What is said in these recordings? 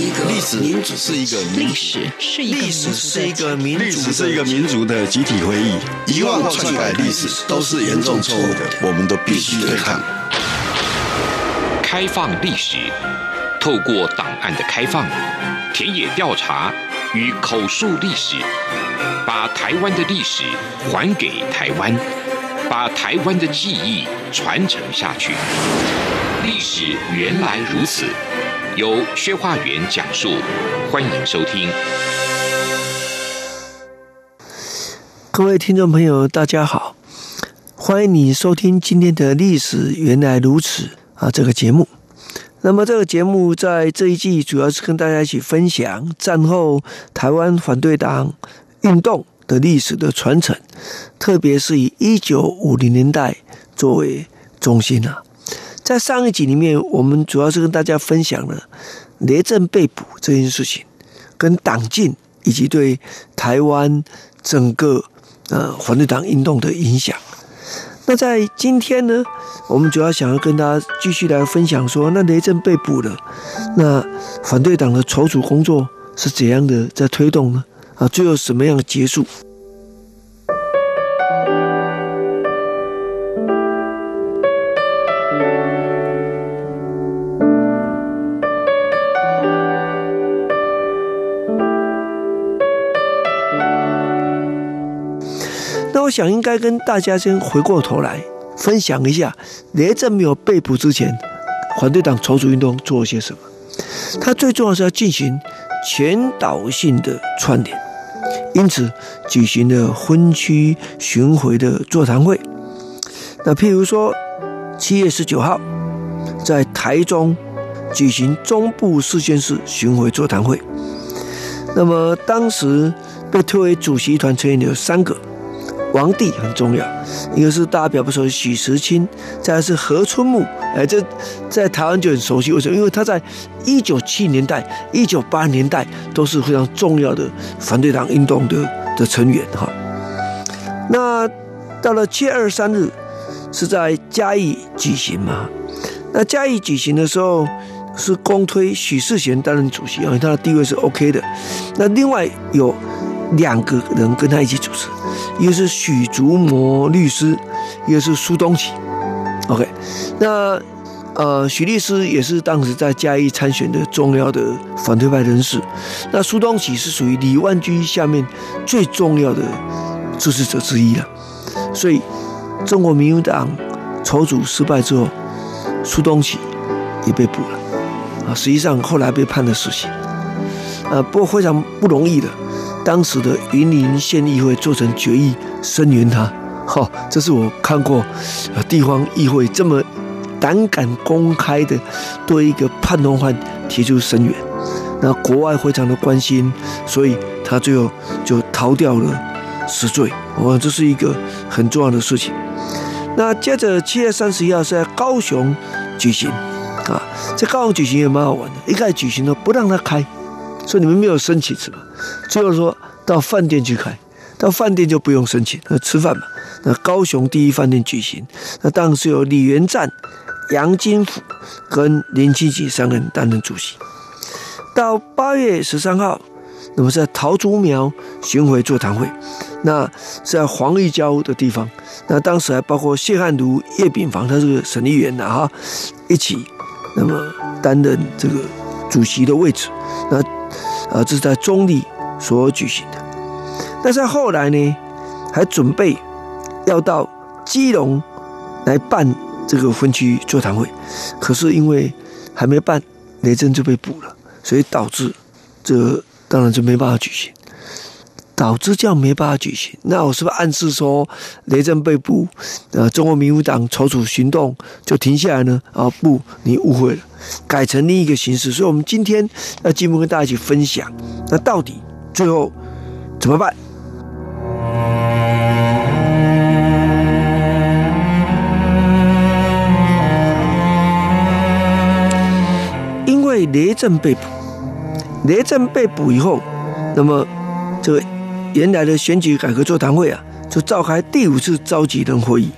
歷史民主是一個歷史，是一個歷史是一個民族，是一個民族，是一個民族，民族的集體回憶。遺忘或篡改的歷史都是嚴重錯誤的，我們都必須對抗。開放歷史，透過檔案的開放、田野調查與口述歷史，把台灣的歷史還給台灣，把台灣的記憶傳承下去。歷史原來如此。由薛化元講述，歡迎收聽。各位聽眾朋友，大家好，歡迎你收聽今天的歷史原來如此啊這個節目。那麼這個節目在這一季主要是跟大家一起分享戰後台灣反對黨運動的歷史的傳承，特別是以一九五零年代作為中心啊。在上一集裡面，我們主要是跟大家分享了雷震被捕這件事情，跟黨禁以及對台灣整個呃反對黨運動的影響。那在今天呢，我們主要想要跟大家繼續來分享說，說那雷震被捕了，那反對黨的籌組工作是怎樣的在推動呢？啊，最後什麼樣的結束？我想應該跟大家先回過頭來分享一下，雷震沒有被捕之前，反對黨籌組運動做了些什麼。他最重要是要進行前導性的串聯，因此舉行了分區巡迴的座談會。那譬如說7 19，七月十九號在台中舉行中部四縣市巡迴座談會。那麼當時被推為主席團成員的有三個。王帝很重要，一個是大家比較不熟悉許時清，再來是何春木，哎，這在台灣就很熟悉。為什麼？因為他在一九七零年代、一九八零年代都是非常重要的反對黨運動的的成員哈。那到了七月二十三日是在嘉義舉行嘛？那嘉義舉行的時候是公推許世賢擔任主席啊，因為他的地位是 OK 的。那另外有兩個人跟他一起主持。一個是許竹模律師，一個是蘇東啟 OK，那呃，許律師也是當時在嘉義參選的重要的反對派人士。那蘇東啟是屬於李萬居下面最重要的支持者之一了。所以，中國民主黨籌組失敗之後，蘇東啟也被捕了啊。實際上，後來被判了死刑。呃，不過非常不容易的。當時的雲林縣議會做成決議聲援他，哈，這是我看過，地方議會這麼膽敢公開的對一個叛亂犯提出聲援，那國外非常的關心，所以他最後就逃掉了死罪。哇，這是一個很重要的事情。那接着七月三十一號是在高雄舉行，啊，在高雄舉行也蠻好玩的，一開始舉行都不讓他開。所以你們沒有申請是吧？最後說到飯店去開，到飯店就不用申請，那吃飯嘛。那高雄第一飯店舉行，那當時有李源棧、楊金虎跟林清吉三人擔任主席。到八月十三號，那麼在桃竹苗巡迴座談會，那是在黃玉嬌的地方，那當時還包括謝漢儒、葉秉煌，他是個省議員的哈，然後一起，那麼擔任這個主席的位置，那。而這是在中壢所舉行的。但是後來呢，還準備要到基隆來辦這個分區座談會，可是因為還沒辦，雷震就被捕了，所以導致這當然就沒辦法舉行。導致這樣沒辦法舉行，那我是不是暗示說雷震被捕，呃，中國民主黨籌組行動就停下來呢？啊，不，你誤會了，改成另一個形式。所以我們今天要進一步跟大家一起分享，那到底最後怎麼辦？因為雷震被捕，雷震被捕以後，那麼這個。原來的選舉改革座談會啊，就召開第五次召集人會議。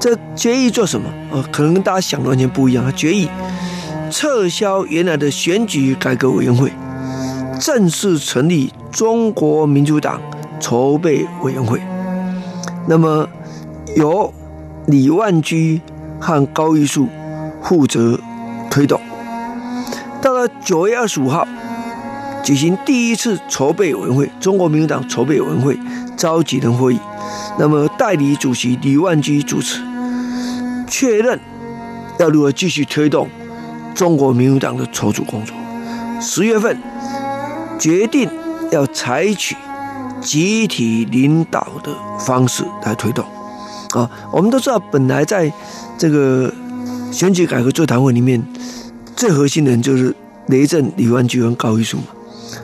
這決議做什麼？呃，可能跟大家想的完全不一樣啊。決議撤銷原來的選舉改革委員會，正式成立中國民主黨籌備委員會。那麼，由李萬居和高玉樹負責推動。到了九月二十五號。舉行第一次籌備委員會，中國民主黨籌備委員會召集人會議。那麼代理主席李萬居主持，確認要如何繼續推動中國民主黨的籌組工作。十月份決定要採取集體領導的方式來推動。啊，我們都知道，本來在這個選舉改革座談會裡面，最核心的人就是雷震、李萬居和高玉樹嘛。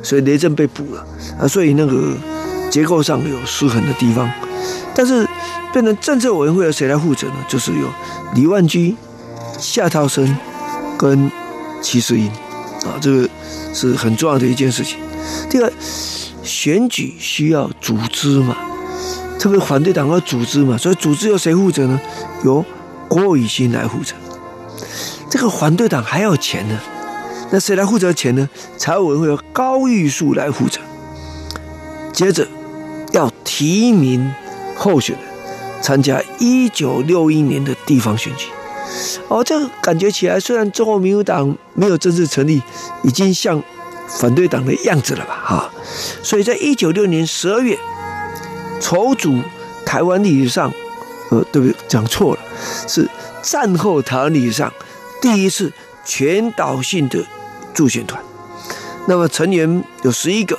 所以雷震被捕了，啊，所以那個結構上有失衡的地方，但是變成政策委員會，由誰來負責呢？就是由李萬居、夏濤生跟齊世英，啊，這個是很重要的一件事情。第二個選舉需要組織嘛，特別反對黨要組織嘛，所以組織由誰負責呢？由郭雨新來負責。這個反對黨還要錢呢？那誰來負責錢呢？財務委員會由高玉樹來負責。接着要提名候選人參加一九六一年的地方選舉。哦，這個、感覺起來雖然中國民主黨沒有正式成立，已經像反對黨的樣子了吧？哈，所以在一九六六年十二月，籌組台灣歷史上呃，對不對？講錯了，是戰後台灣歷史上第一次全島性的。助選團，那麼成員有十一個，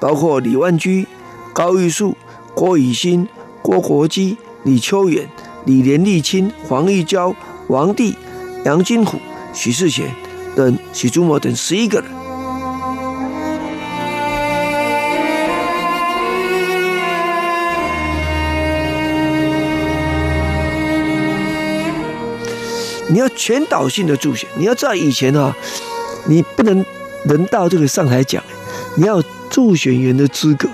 包括李萬居、高玉樹、郭雨新、郭國基、李秋遠、李連立清、清黃玉嬌、王帝、楊金虎、許世賢等許諸摩等十一個人。你要全島性的助選，你要在以前啊。你不能能到這個上台講，你要有助選員的資格。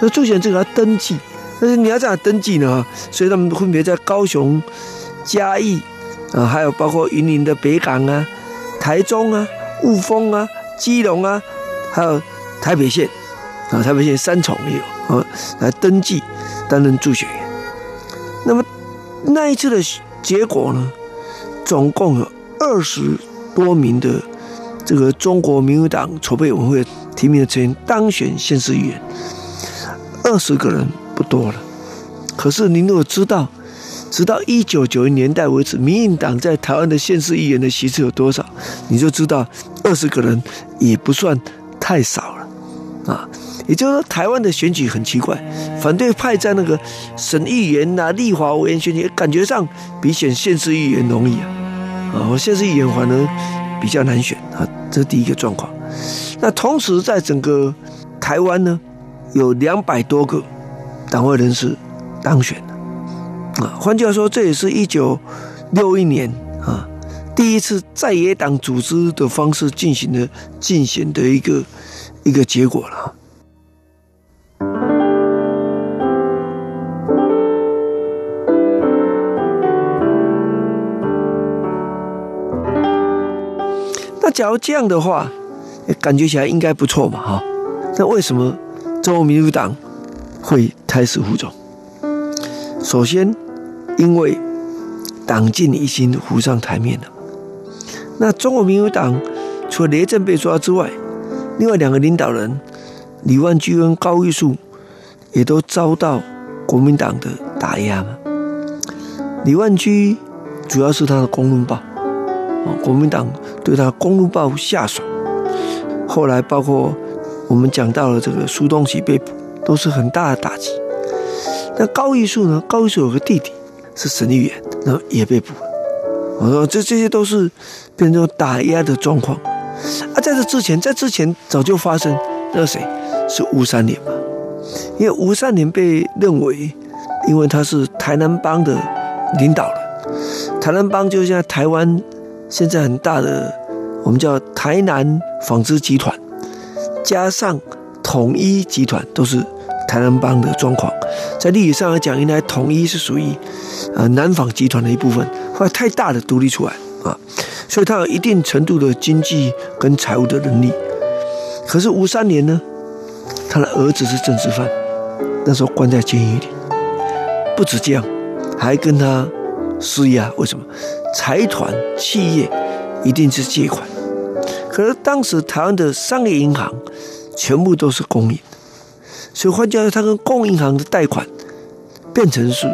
那助選這個要登記，但是你要怎樣登記呢？所以他們分別在高雄、嘉義啊，還有包括雲林的北港啊、台中啊、霧峰啊、基隆啊，還有台北縣啊，台北縣三重也有啊來登記擔任助選員。那麼那一次的結果呢，總共有二十多名的。這個中國民主黨籌備委員會提名的成員當選縣市議員，二十個人不多了。可是，你如果知道，直到一九九零年代為止，民進黨在台灣的縣市議員的席次有多少，你就知道二十個人也不算太少了啊。也就是說，台灣的選舉很奇怪，反對派在那個省議員吶、啊、立法委員選舉，感覺上比選縣市議員容易啊，啊，縣市議員反而比較難選啊。這是第一個狀況，那同時在整個台灣呢，有兩百多個黨外人士當選了啊。換句話說，這也是一九六一年啊第一次在野黨組織的方式進行的競選的一個一個結果了。假如這樣的話，感覺起來應該不錯嘛，哈。那為什麼中國民主黨會開始浮腫？首先，因為黨禁已經浮上台面了。那中國民主黨除了雷震被抓之外，另外兩個領導人李萬居跟高玉樹也都遭到國民黨的打壓了。李萬居主要是他的公論報啊，國民黨。對他公論報下手，後來包括我們講到了這個蘇東啟被捕，都是很大的打擊。那高玉樹呢？高玉樹有個弟弟是省議員，然後也被捕了。我說這這些都是變成打壓的狀況。啊，在這之前，在之前早就發生那個誰是吳三連嘛，因為吳三連被認為，因為他是台南幫的領導了。台南幫就像台灣。現在很大的，我們叫台南紡織集團，加上統一集團，都是台南幫的狀況。在歷史上來講，原來統一是屬於呃南紡集團的一部分，後來太大的獨立出來啊，所以他有一定程度的經濟跟財務的能力。可是吳三連呢，他的兒子是政治犯，那時候關在監獄裡，不止這樣，還跟他施壓，為什麼？財團企業一定是借款，可是當時台灣的商業銀行全部都是公營，所以換句話說，它跟公銀行的貸款變成是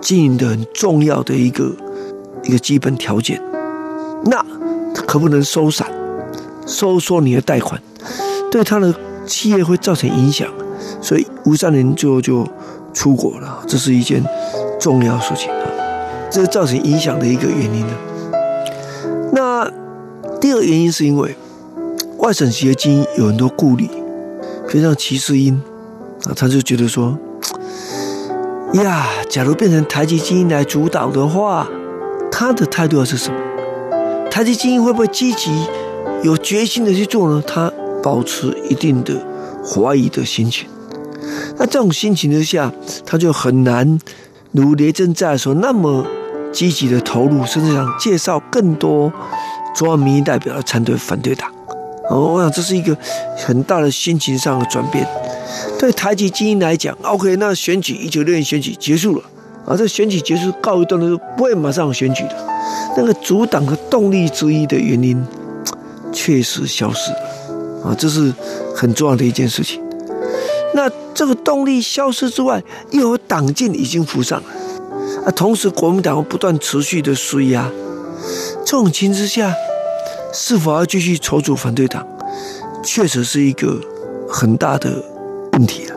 經營的很重要的一個一個基本條件。那可不能收散、收縮你的貸款，對他的企業會造成影響。所以吳三連最後就出國了，這是一件重要事情。這個造成影響的一個原因呢？那第二個原因是因為外省籍的精英有很多顧慮，比如像齊世英啊，他就覺得說：呀，假如變成台籍精英來主導的話，他的態度要是什麼？台籍精英會不會積極、有決心的去做呢？他保持一定的懷疑的心情。那這種心情之下，他就很難如雷震在時那麼。積極的投入，甚至想介紹更多中央民意代表的參隊反對黨。哦，我想這是一個很大的心情上的轉變。對台籍精英來講，OK，那選舉一九六一年選舉結束了，啊，這選舉結束告一段落，不會馬上選舉的。那個組黨的動力之一的原因確實消失了，啊，這是很重要的一件事情。那這個動力消失之外，又有黨禁已經浮上了。那、啊、同時，國民黨不斷持續的施壓，這種情形之下，是否要繼續籌組反對黨，確實是一個很大的問題了、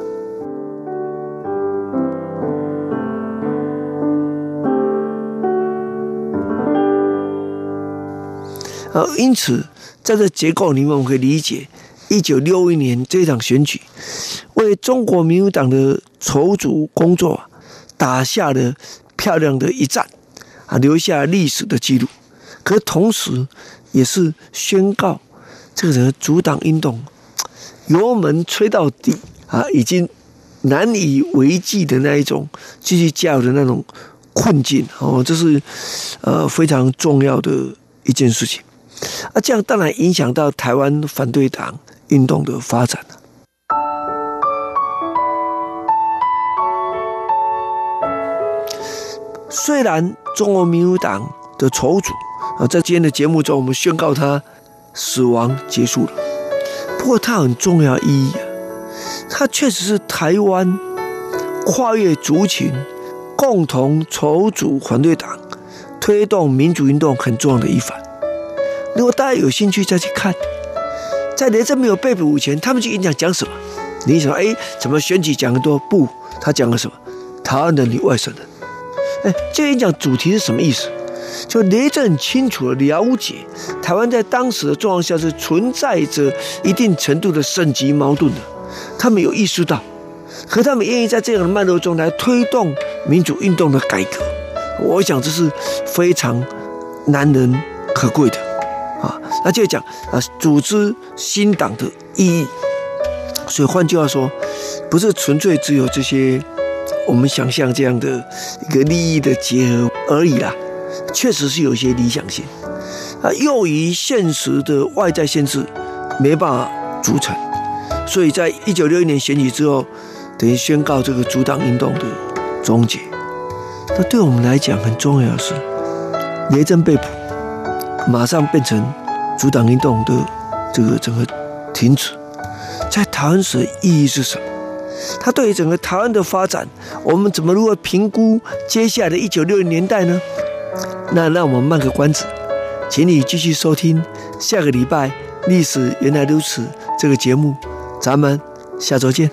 啊。呃、啊，因此在這結構裡面，我們可以理解，一九六一年這一場選舉，為中國民主黨的籌組工作打下了。漂亮的一戰，啊，留下歷史的記錄，可是同時也是宣告，這個組黨運動，油門催到底啊，已經難以為繼的那一種繼續加油的那種困境哦，這是，呃，非常重要的一件事情，啊，這樣當然影響到台灣反對黨運動的發展。雖然中國民主黨的籌組啊，在今天的節目中，我們宣告他死亡結束了。不過，它很重要意義，啊，它確實是台灣跨越族群、共同籌組反對黨、推動民主運動很重要的一環。如果大家有興趣，再去看，在雷震沒有被捕以前，他們去演講講什麼？你想，麼？哎，怎麼選舉講的多？不，他講的什麼？台灣的，你外省的。哎、欸，這一講主題是什麼意思？就雷震很清楚的了解，台灣在當時的狀況下是存在着一定程度的省籍矛盾的。他們有意識到，可他們願意在這樣的脈絡中來推動民主運動的改革，我想這是非常難能可貴的啊。那就講啊，組織新黨的意義，所以換句話說，不是純粹只有這些。我們想象這樣的一個利益的結合而已啦，確實是有些理想性，啊，由於現實的外在限制沒辦法組成，所以在一九六一年選舉之後，等於宣告這個組黨運動的終結。那對我們來講很重要的是，雷震被捕，馬上變成組黨運動的這個整個停止，在台灣史的意義是什麼？他對於整個台灣的發展，我們怎麼如何評估接下來的一九六零年代呢？那讓我們賣個關子，請你繼續收聽下個禮拜《歷史原來如此》這個節目，咱們下周見。